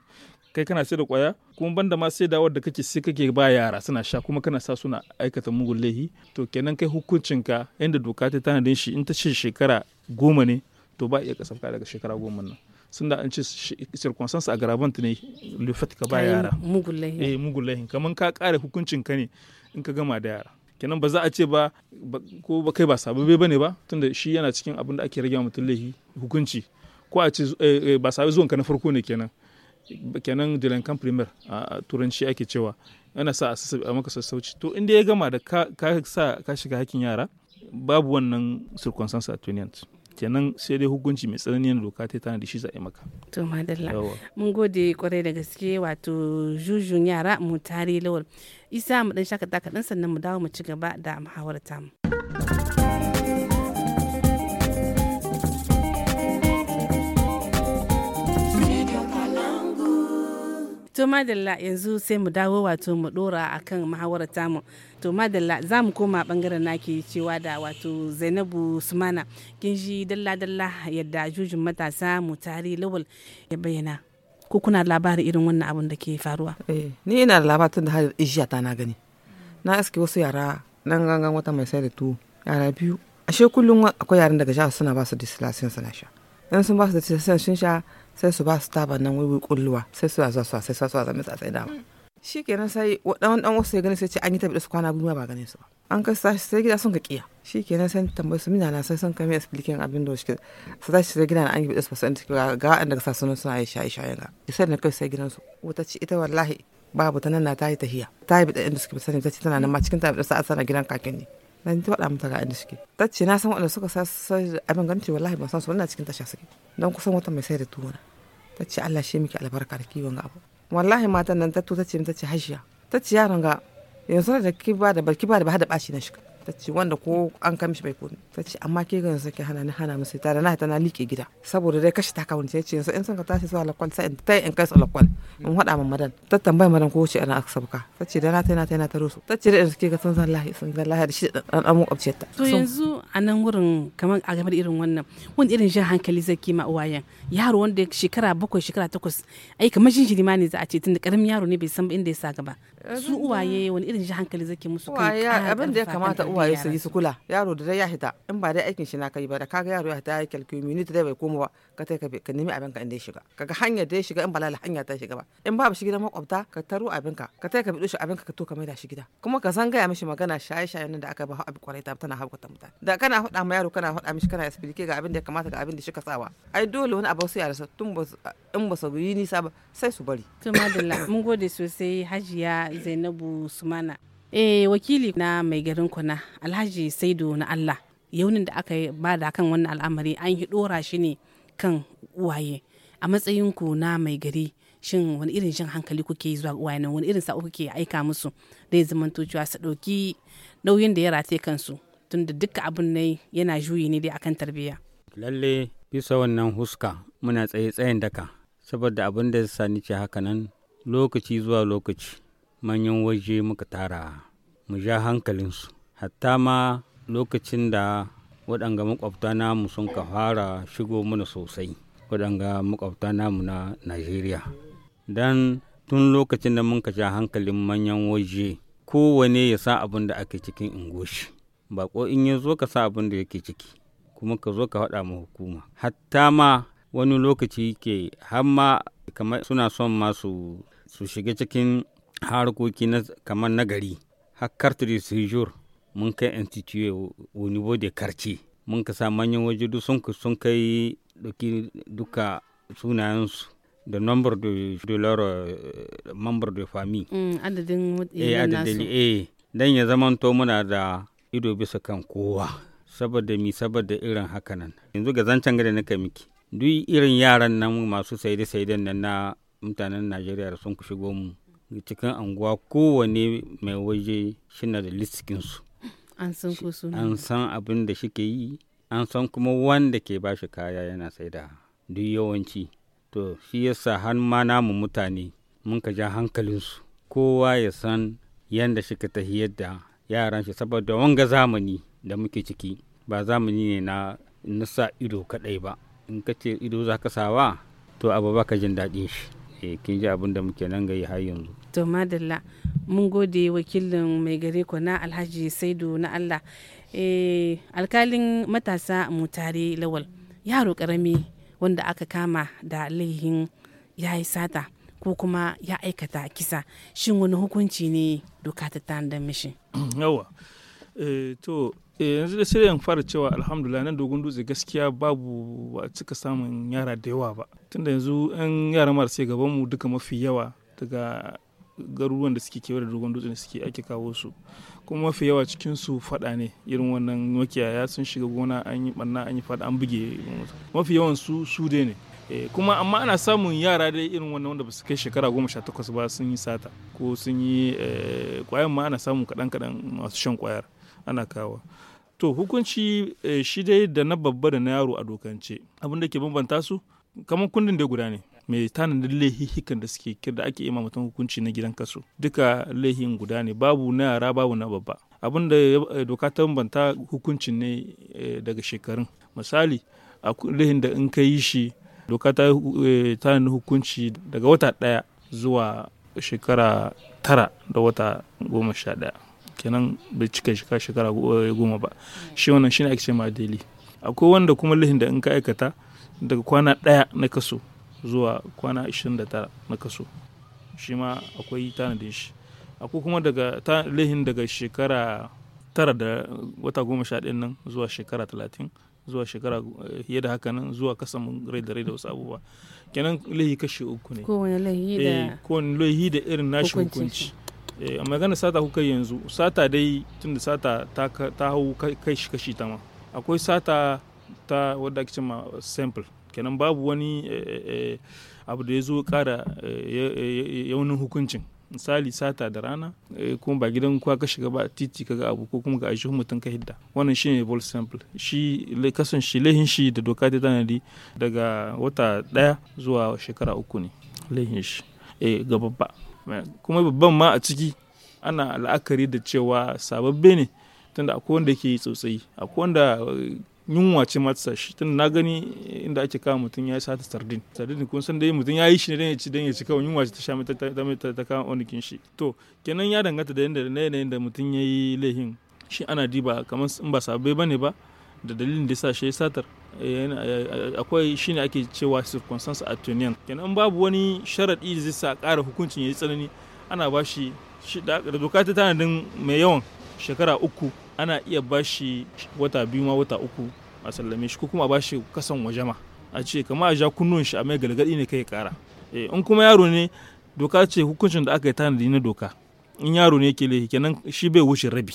kai kana sai da kwaya kuma banda ma sai dawar da kake sai kake ba yara suna sha kuma kana sa suna aikata mugun laihi to kenan kai hukuncinka yadda doka ta tanadin shi in ta ce shekara goma ne to ba iya kasafta daga shekara goma nan sun da an ce circumstance aggravant ne lufat ka ba yara eh mugun laihin kaman ka kare hukuncin ka ne in ka gama da yara kenan ba za a ce ba ko ba kai ba sababbe bane ba tunda shi yana cikin abin da ake rage wa mutum laifi hukunci ko a ce eh, eh, ba zuwan ka na farko ne kenan kenan dilankan premier a turanci ake cewa yana sa a maka sassauci to inda ya gama da ka sa ka shiga hakkin yara babu wannan a attenuant kenan sai dai hukunci mai tsanani na doka ta tana da shi za yi maka to madalla mun gode kwarai da gaske wato jujun yara mu tare lawal isa mu dan shakata kaɗan sannan mu dawo mu ci gaba da muhawarar tamu to madalla yanzu sai mu dawo wato mu dora akan muhawarar tamu to madalla za mu koma bangaren nake cewa da wato zainabu sumana kin ji dalla dalla yadda jujin matasa mu tari lawal ya bayyana ko kuna labarin irin wannan abun da ke faruwa eh, ni ina da labarin da har ijiya ta na gani na aski wasu yara nan gangan wata mai sai da tu yara biyu ashe kullum akwai yaran daga sha suna ba su distillasin suna sha in sun ba su distillasin sun sha sai su ba su taba nan wai kulluwa sai su zuwa su sai su zuwa zama tsatsai dama shi kenan sai dan dan wasu ya gani sai ce an yi tabi su kwana biyu ba ganin su ba an kai sashi sai gida sun ka kiya shi kenan sai tambayi su mina na sai sun kame mai explikin abin da shi su tashi sai gida na an yi bidas fasan ga ga an daga sasunan suna yi shayi shayi ga sai na kai sai gidan su wata ce ita wallahi babu ta nan na ta yi tahiya ta yi bidas inda suke sani ta ce tana nan ma cikin ta bidas a sana gidan kakin ne na ta faɗa mata ga inda suke ta ce na san waɗanda suka sa abin ganin ce wallahi ban san su wannan cikin tasha suke don kusan wata mai sai da tuwo na ta ce Allah shi miki albarka da kiwon ga abu wallahi matan nan ta tuta ta ce ta ce hajiya ta ce yaron ga yanzu da ki ba da barki ba da ba da bashi na shiga ta ce wanda ko an kamishi bai komi ta ce amma ke ganin sake hana ni hana musu tare na ta na liƙe gida saboda dai kashi ta kawun ce yanzu in san ka tashi zuwa lakwal sai in ta in kai su lakwal in haɗa ma madan ta tambaya madan ko ce ana aka sabuka ta ce da na ta na ta na ta rusu ta ce da yanzu ke ga sun zan lahi sun zan lahi da shi da ɗan ɗan ta. to yanzu a nan wurin kamar a game da irin wannan wani irin jan hankali zai kima uwayen yaro wanda shekara bakwai shekara takwas ai kamar jinjiri ma ne za a ce tun da ƙaramin yaro ne bai san inda ya sa gaba. su uwaye wani irin ji hankali zake musu kai abin da ya kamata uwaye su yi su kula yaro da dai ya hita in ba dai aikin shi na kai ba da kaga yaro ya hita ya kalkiyo minit dai bai koma ba ka tai ka nemi abin ka in ya shiga kaga hanyar da ya shiga in balala hanya ta shiga ba in babu shi gidan makwabta ka taro abin ka ka tai ka bido shi abin ka ka to ka maida shi gida kuma ka san gaya mishi magana shaye shaye nan da aka ba abin kwarai ta tana ta mutane da kana faɗa ma yaro kana faɗa mishi kana explain ga abin da ya kamata ga abin da shi ka sawa ai dole wani abu sai ya rasa tun ba in ba su yi nisa ba sai su bari to madalla mun gode sosai hajiya zainabu sumana eh wakili na mai garin kuna alhaji saido na allah yaunin da aka ba da kan wannan al'amari an yi dora shi ne kan uwaye a matsayin ku na mai gari shin wani irin shan hankali kuke yi zuwa uwaye nan wani irin sa'o kuke aika musu dai ya zama cewa su ɗauki nauyin da ya rataye kansu tunda duka abun ne yana juyi ne dai akan tarbiyya lalle bisa wannan huska muna tsaye tsayin daka saboda abin da ya sani ce haka nan lokaci zuwa lokaci manyan waje muka tara mu ja hankalinsu hatta ma lokacin da waɗanga makwabta namu sun ka fara shigo mana sosai waɗanga makwabta namu na najeriya don tun lokacin da mun ka sha hankalin manyan waje kowane ya sa abin da ake cikin ingoshi ko in ya zo ka sa abin da yake ciki kuma ka zo ka faɗa ma hukuma hatta ma wani lokaci ke har ma kamar suna son ma su shiga cikin harkoki kamar nagari har de sejur mun kai institute au niveau de quartier mun ka sa manyan waje duk sun kai doki duka sunayensu da number de de leur membre de famille mm, adadin eh adadin eh dan ya to muna da ido bisa kan kowa saboda mi saboda irin nan yanzu ga zancen gada na miki duk irin yaran nan masu saide saiden nan na mutanen najeriya sun ku shigo mu cikin anguwa kowane mai waje shina da listikinsu an san ko an san abin da shike yi an san kuma wanda ke ba shi kaya yana saida duk yawanci to shi yasa har ma namu mutane mun ka ja hankalinsu kowa ya san yanda shika tahiyar da yaran shi saboda wanga zamani da muke ciki ba zamani ne na nasa ido kadai ba in ka ce ido za ka sawa to abu ba ka jin daɗin shi eh, kin ji abin da muke nan ga yi har yanzu to madalla mun gode wakilin mai gare ku na alhaji saidu na allah eh, alkalin matasa mutare lawal yaro karami wanda aka kama da laihin ya yi sata ko kuma ya aikata kisa shin wani hukunci ne doka ta tanda mishi yawa eh, to eh, yanzu da fara cewa alhamdulillah nan dogon dutse gaskiya babu ba cika samun yara da yawa ba tunda yanzu yan yara marasa gaban mu duka mafi yawa daga garuruwan da suke kewa da dogon dutse suke ake kawo su kuma mafi yawa cikin su fada ne irin wannan makiyaya sun shiga gona an yi banna an yi fada an buge mafi yawan su su dai ne eh, kuma amma ana samun yara dai irin wannan wanda ba kai shekara goma sha takwas ba sun yi sata ko sun yi kwayan eh, ma ana samun kaɗan kaɗan masu shan kwayar ana kawa to hukunci eh, shi dai da na babba da na yaro a dokance abin da ke bambanta su kamar kundin da guda ne mai tanadin laihihikan da suke kir da ake ima mutum hukunci na gidan kaso duka laihin guda ne babu na yara babu na babba abin da eh, doka ta bambanta hukuncin ne eh, daga shekarun misali a laihin da in ka yi shi doka ta eh, tanadin hukunci daga wata ɗaya zuwa shekara tara da wata goma sha ɗaya kenan bai cika shekara shekara goma ba shi wannan ne ake ce ma daily akwai wanda kuma lihin da in ka aikata daga kwana ɗaya na kaso zuwa kwana 29 na kaso shi ma akwai tanadin shi akwai kuma daga lehin daga shekara tara da wata goma sha ɗin nan zuwa shekara talatin zuwa shekara eh, fiye da haka nan zuwa kasan rai da rai da wasu abubuwa kenan lehi kashe uku ne eh, kowane lehi da irin nashi hukunci eh, a magana sata kuka yanzu sata dai tun da sata ta hau kashi kashi ta ma akwai sata ta wadda ake ma simple kenan babu wani eh, eh, eh, abu da ya zo kara yaunin hukuncin misali sata da rana kuma ba gidan kuwa ka shiga ba titi kaga abu ko kuma ga ajihun mutum ka hidda wannan shi ne ball sample shi kasan shi laihin shi da doka ta tanadi daga wata daya zuwa shekara uku ne laihin shi ga babba kuma babban ma a ciki ana la'akari da cewa sababbe ne tunda akwai wanda ke yi tsotsayi akwai wanda yunwa ce matsa shi tun na gani inda ake kama mutum ya yi sata sardin sardin kun san dai mutum ya yi shi ne dan ya ci dan ya ci kawai yunwa ce ta sha ta ta kama onikin shi to kenan ya danganta da yanda na yanayin da mutum ya yi laihin shi ana diba kamar in ba sabai bane ba da dalilin da sa shi ya satar eh, akwai shi ne ake cewa circumstance attenuant kenan babu wani sharaɗi da zai sa ƙara hukuncin ya yi tsanani ana ba shi da doka ta tanadin mai yawan shekara uku ana iya bashi wata biyu ma wata uku a sallame shi ko kuma a bashi kasan waje ma a ce kama a ja kunnuwan shi a mai galgadi ne kai kara eh, in kuma yaro ne doka ce hukuncin da aka yi tanadi na doka in yaro ne ke laifi kenan shi bai wuce rabi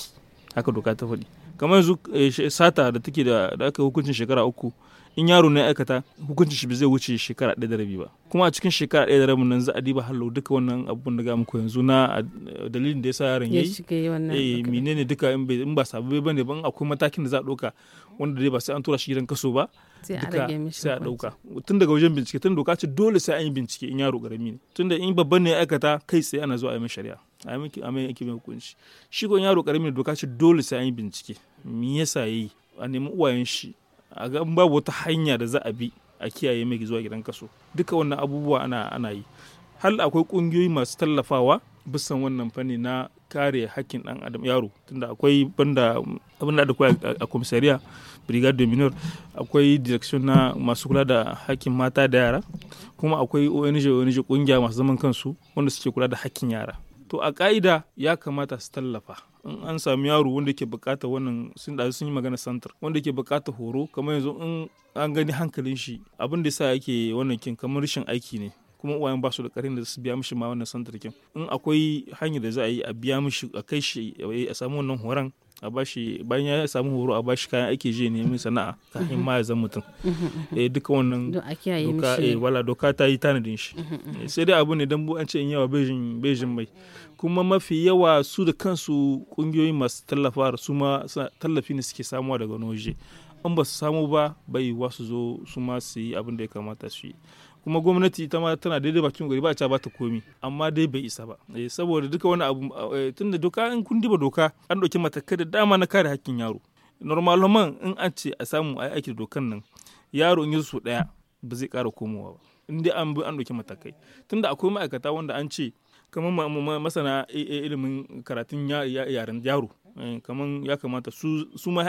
haka doka ta faɗi kamar yanzu eh, sata da take da aka hukuncin shekara uku in yaro ne aikata hukuncin shi zai wuce shekara ɗaya da rabi ba kuma a cikin shekara ɗaya da rabi nan za a diba hallo duka wannan abubuwan da ga muku yanzu na dalilin da ya sa yaron yayi eh menene duka in ba sababbi bane ban akwai matakin da za a ɗauka wanda dai ba sai an tura shi gidan kaso ba duka sai a ɗauka tun daga wajen bincike tun doka ce dole sai an yi bincike in yaro ƙarami ne tun da in babban ne aikata kai tsaye ana zuwa a yi shari'a a yi ake mai hukunci shi ko yaro ƙarami ne doka ce dole sai an yi bincike me yasa yi a nemi uwayen shi a ga babu wata hanya da za a bi a kiyaye mai zuwa gidan kaso duka wannan abubuwa ana ana yi hal akwai kungiyoyi masu tallafawa bisan wannan fanni na kare hakkin dan adam yaro tunda akwai banda abin da akwai a komisariya brigade minor akwai direction na masu kula da hakkin mata da yara kuma akwai ong ong kungiya masu zaman kansu wanda suke kula da hakkin yara to a ka'ida ya kamata su tallafa in an sami yaro wanda ke bukata wannan sun da sun yi magana santar wanda ke bukata horo kamar yanzu in an gani hankalin shi abin da sa yake wannan kin kamar rashin aiki ne kuma uwayen ba su da karin da su biya mishi ma wannan santarkin in akwai hanyar da za a yi a biya mishi a kai shi a samu wannan horon a bashi bayan ya samu horo a bashi kayan ake je neman sana'a kafin ma ya zan mutum eh duka wannan doka eh wala doka ta yi tanadin shi eh, sai dai abu ne dan bu an ce in yawa bejin bejin mai kuma mafi yawa su da kansu kungiyoyi masu tallafa su ma tallafi ne suke samuwa daga noje an ba su samu ba bai wa zo su ma su yi abin da ya kamata su yi kuma gwamnati ta ma tana daidai bakin gari ba ta bata komi amma dai bai isa ba eh, saboda duka wani abu eh, tunda doka in kun diba doka an dauki matakai da dama na kare hakkin yaro normalman in an ce a samu a aiki da dokan nan yaro in yi su ɗaya ba zai ƙara komowa ba in dai an bi an ɗauki matakai tunda akwai ma'aikata wanda an ce kamar masana eh, ilimin karatun yaren yaro Eh, kamar ya kamata su ma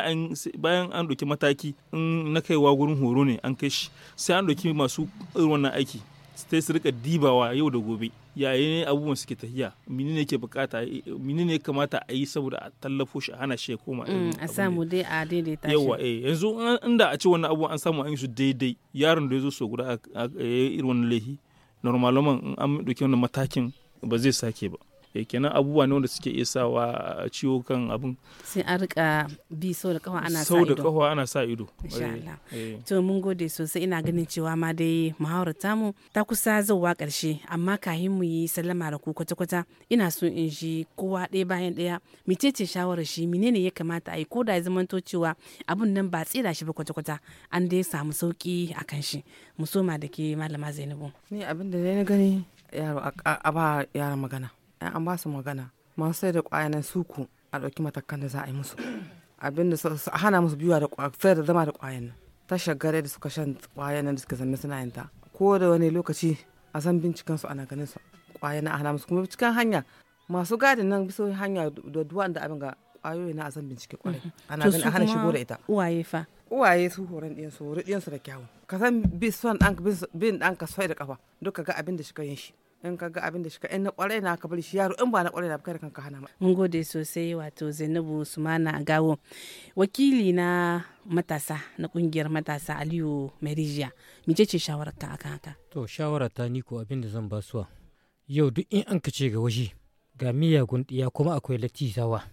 bayan an ɗauki mataki in na kaiwa gurin horo ne an kai shi sai an ɗauki masu irin wannan aiki sai su rika dibawa yau da gobe yayi ne abubuwan suke tafiya ne ke bukata eh, ne kamata a yi saboda a tallafo shi a hana shi ya koma mm, a samu dai a daidaita yawa eh yanzu inda a ce wannan abubuwan an samu an yi su daidai yaron da ya zo so guda a irin wani lehi normalman in an ɗauki wannan matakin ba zai sake ba Eh, kenan abubuwa ne wanda suke iya sawa ciwo kan abin sai an rika bi sau da kawa ana sa ido kawa ana sa ido to mun gode sosai ina ganin cewa ma dai muhawar tamu ta kusa wa karshe amma kahin mu yi sallama da ku kwata kwata ina so in ji kowa ɗaya bayan ɗaya mecece shawarar shi menene ya kamata a yi ko da ya zamanto cewa abun nan ba tsira shi ba kwata kwata an dai samu sauki a kan shi soma da ke malama zainabu ni abin da na gani yaro a ba yara magana an ba su magana masu sai da ƙwayanan suku a ɗauki matakan da za a yi musu abin da su hana musu biyuwa da sai da zama da ƙwayan nan tashar gare da suka shan ƙwayan nan da suka zama suna yin ta ko da wani lokaci a san binciken su ana ganin su ƙwayan nan a hana musu kuma cikin hanya masu gadin nan bisa hanya da duwan da abin ga ƙwayoyi na a san bincike ƙwarai mm-hmm. ana ganin a hana shigo da ita uwaye fa uwaye su horon ɗiyan su hori ɗiyan su da kyawu ka san bin ɗanka ɗanka sai da kafa duka ga abin da shi ka yin shi in ka ga abin da shi ka in na kwarai na ka bari shi yaro in ba na kwarai na ka kanka hana ma mun gode sosai wato Zainabu Sumana Gawo wakili na matasa na kungiyar matasa Aliyu Merijiya mice ce ta akan haka to ta ni ko abin da zan ba suwa yau duk in an kace ga waje ga miyagun diya kuma akwai latizawa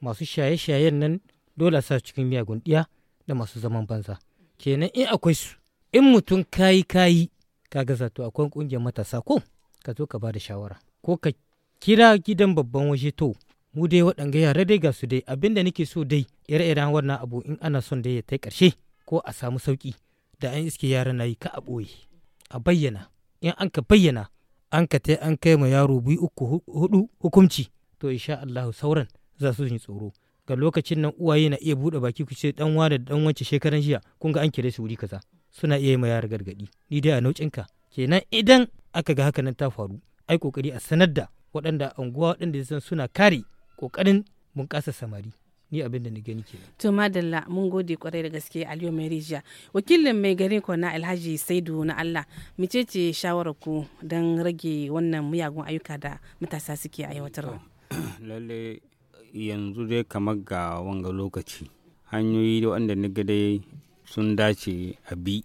masu shaye-shayen nan dole sa cikin miyagun diya da masu zaman banza kenan in akwai su in mutum kayi kayi kaga zato akwai kungiyar matasa ko ka zo ka ba da shawara ko ka kira gidan babban waje to mu dai waɗanga yara dai ga su dai abin da nake so dai ire-iren wannan abu in ana son dai ya tai ƙarshe ko a samu sauƙi da an iske yara na yi ka a ɓoye a bayyana in an ka bayyana an ka tai an kai ma yaro biyu uku hudu hukunci to insha Allah sauran za su yi tsoro ga lokacin nan uwaye na iya buɗe baki ku ce dan da dan wance shekaran jiya kun ga an kire su wuri kaza suna iya yi ma yara gargaɗi ni dai a ka. kenan idan aka ga haka ta faru ai kokari a sanar da waɗanda unguwa waɗanda san suna kare kokarin bunƙasa samari ni abin da na gani ke to madalla mun gode kwarai da gaske aliyu mai rijiya wakilin mai gari ko na alhaji saidu na allah mice ce shawarar ku don rage wannan muyagun ayyuka da matasa suke aiwatarwa lalle yanzu dai kamar ga wanga lokaci hanyoyi wanda naga dai sun dace a bi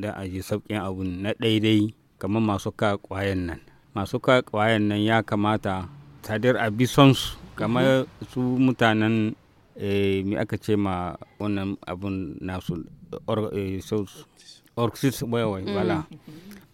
da a ji sauƙin abu na ɗaiɗai kamar masu ka kwayan nan masu ka kwayan nan ya kamata sadir a bisonsu kamar su mutanen eh, mai aka ce ma wannan abun nasu orxis eh, wayawai mm. wala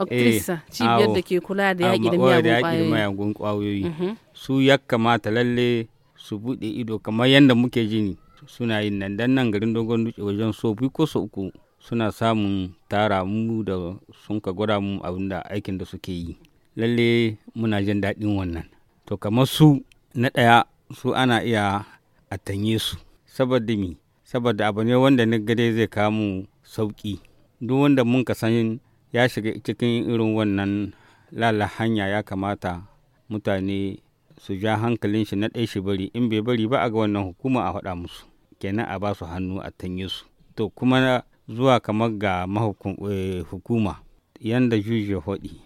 eh, cibiyar da ke kula da yaƙi da oh, miyagun kwayoyi mm-hmm. su ya kamata lalle su buɗe ido kamar yadda muke jini suna yin nan don nan garin dogon dutse wajen so biyu ko so uku suna samun tara mu da sun ka gwada mu abin da aikin da suke yi lalle muna jin daɗin wannan to kamar su na ɗaya su ana iya a tanye su saboda mi saboda abu ne wanda na gade zai kamu sauki duk wanda mun ka san ya shiga cikin irin wannan lala hanya ya kamata mutane su ja hankalin shi na ɗaya shi bari in bai bari ba a ga wannan hukuma a faɗa musu kenan a ba su hannu a tanye su to kuma zuwa kamar ga eh, hukuma yadda juju hoɗi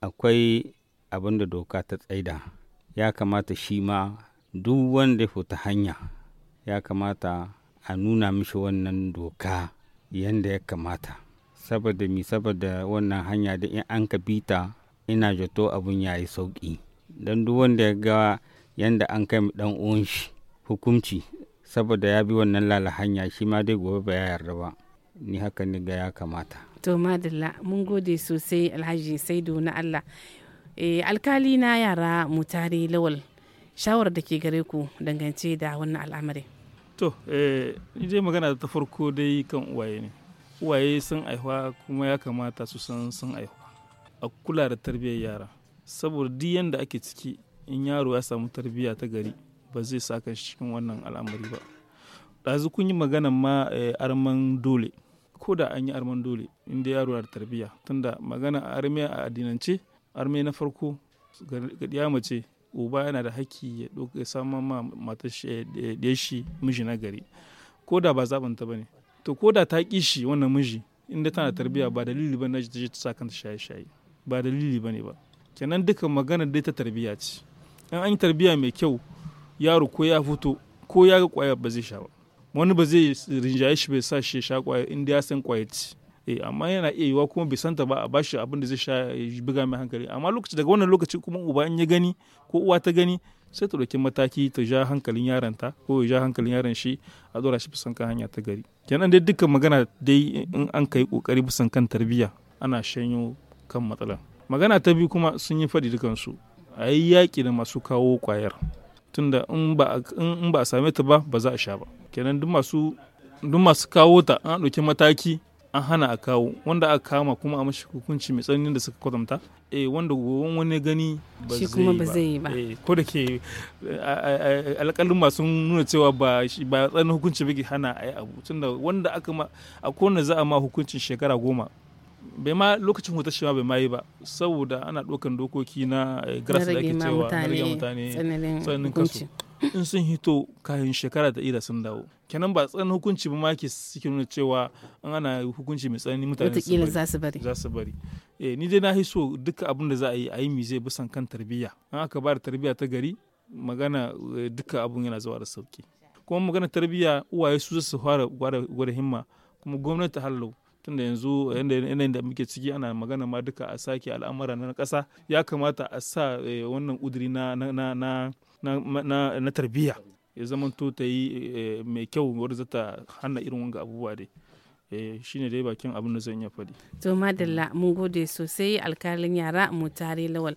akwai abin da doka ta tsaida ya kamata shi ma duk wanda ya fita hanya ya kamata a nuna mishi wannan doka yadda ya kamata saboda mi saboda wannan hanya da in an ka bita ina jato abun ya yi sauƙi don duk wanda ya ga yadda an kai dan uwan shi hukunci saboda ya bi wannan lala hanya shi ma dai gobe ba ya yarda ba ni haka ni ga ya kamata to madalla mun gode sosai alhaji saido na allah e, alkali na yara mutare lawal shawar da ke gare ku dangance da wannan al'amari to eh, ni dai magana da ta farko dai kan uwaye ne uwaye sun aihuwa kuma ya kamata su san sun aihuwa a kula da tarbiyyar yara saboda duk yanda ake ciki in yaro ya samu tarbiyya ta gari ba zai saka shi cikin wannan al'amari ba ɗazu kun yi magana ma eh, arman dole ko da an yi arman dole inda yaro da tarbiyya tunda magana a armiya a addinance arme na farko ga mace uba yana da haƙƙi ya ɗauka saman ma matar eh, shi miji na gari ko da ba zabanta ba ne to ko da ta ƙi shi wannan miji inda tana tarbiyya ba dalili ba na ta je ta sa kanta shaye-shaye ba dalili ba ne ba kenan duka magana dai ta tarbiyya ce in an yi tarbiyya mai kyau yaro ko ya fito ko ya ga ƙwayar ba zai sha ba wani ba zai rinjaye shi bai sa shi sha kwaye in ya san kwaye ci eh amma yana iya yiwa kuma bai santa ba a bashi abin da zai sha ya buga mai hankali amma lokaci daga wannan lokaci kuma uba in ya gani ko uwa ta gani sai ta dauki mataki ta ja hankalin yaron ta ko ya ja hankalin yaron shi a dora shi bisan kan hanya ta gari kenan dai dukkan magana dai in an kai kokari bisan kan tarbiyya ana shanyo kan matsalar magana ta biyu kuma sun yi faɗi dukansu a yi yaƙi da masu kawo kwayar tunda in ba a same ta ba ba za a sha ba kenan duk masu duk masu kawo ta an ɗauki mataki an hana a kawo wanda aka kama kuma a mashi hukunci mai tsanani da suka kwatanta eh wanda gobe wani gani ba shi kuma ba zai yi ba eh, ko da ke alƙalin masu nuna cewa ba ba tsanin hukunci bai hana a yi abu tunda wanda aka ma a kowanne za a ma hukuncin shekara goma bai ma lokacin hutar shi ma bai ma yi ba saboda ana ɗaukan dokoki na eh, grass da ake cewa na rage mutane tsananin kasu in sun hito kayan shekara da ira sun dawo kenan ba tsanin hukunci ba ma ke suke nuna cewa an ana hukunci mai tsanani mutane bari za su bari eh, ni dai na yi so duka abin da za a yi a yi mi zai bisan kan tarbiyya an aka ba da tarbiyya ta gari magana eh, duka abun yana zuwa da sauki kuma magana tarbiyya uwaye su su fara gwada himma kuma gwamnati halla. tunda yanzu yanayin da muke ciki ana magana ma duka a sake al'amura na ƙasa ya kamata a sa eh, wannan kuduri na tarbiyya ya to ta yi eh, mai kyau wadda zata hana irin wanga abubuwa dai Eh, shi ne dai bakin abin da zan iya faɗi to madalla mun gode sosai alkalin yara mu tare lawal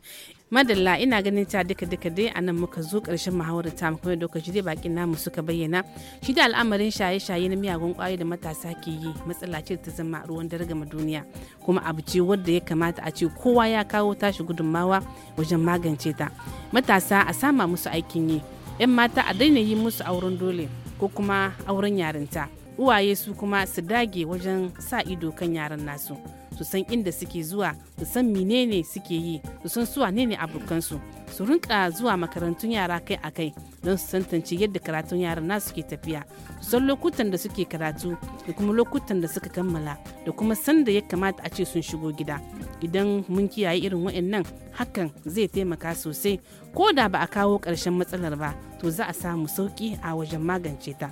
madalla ina ganin ta duka duka dai a nan muka zo ƙarshen muhawarar ta mu kuma lokaci dai bakin namu suka bayyana shi da al'amarin shaye shaye na miyagun kwayoyi da matasa ke yi matsala ce ta zama ruwan dare gama duniya kuma abu ce wanda ya kamata a ce kowa ya kawo tashi gudummawa wajen magance ta matasa a sama musu aikin yi 'yan mata a daina yi musu auren dole ko kuma auren yarinta uwaye su kuma su dage wajen sa ido kan yaran nasu su san inda suke zuwa su san menene suke yi su san su wane ne abokansu su rinka zuwa makarantun yara kai a kai don su tantance yadda karatun yaran nasu ke tafiya su san lokutan da suke karatu da kuma lokutan da suka kammala da kuma san da ya kamata a ce sun shigo gida idan mun kiyaye irin waɗannan hakan zai taimaka sosai ko da ba a kawo ƙarshen matsalar ba to za a samu sauki a wajen magance ta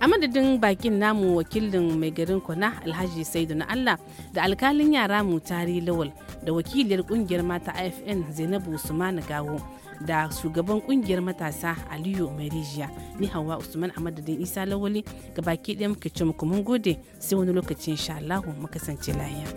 a madadin bakin namu wakilin mai garin Kona alhaji saidu na allah da alkalin yara mu tari lawal da wakiliyar kungiyar mata afn zainabu usman gawo da shugaban kungiyar matasa aliyu marijiya ni hawa usman a madadin isa lawali ga baki ɗaya muka ce muku mun gode sai wani lokacin sha'allahu mu kasance lahiya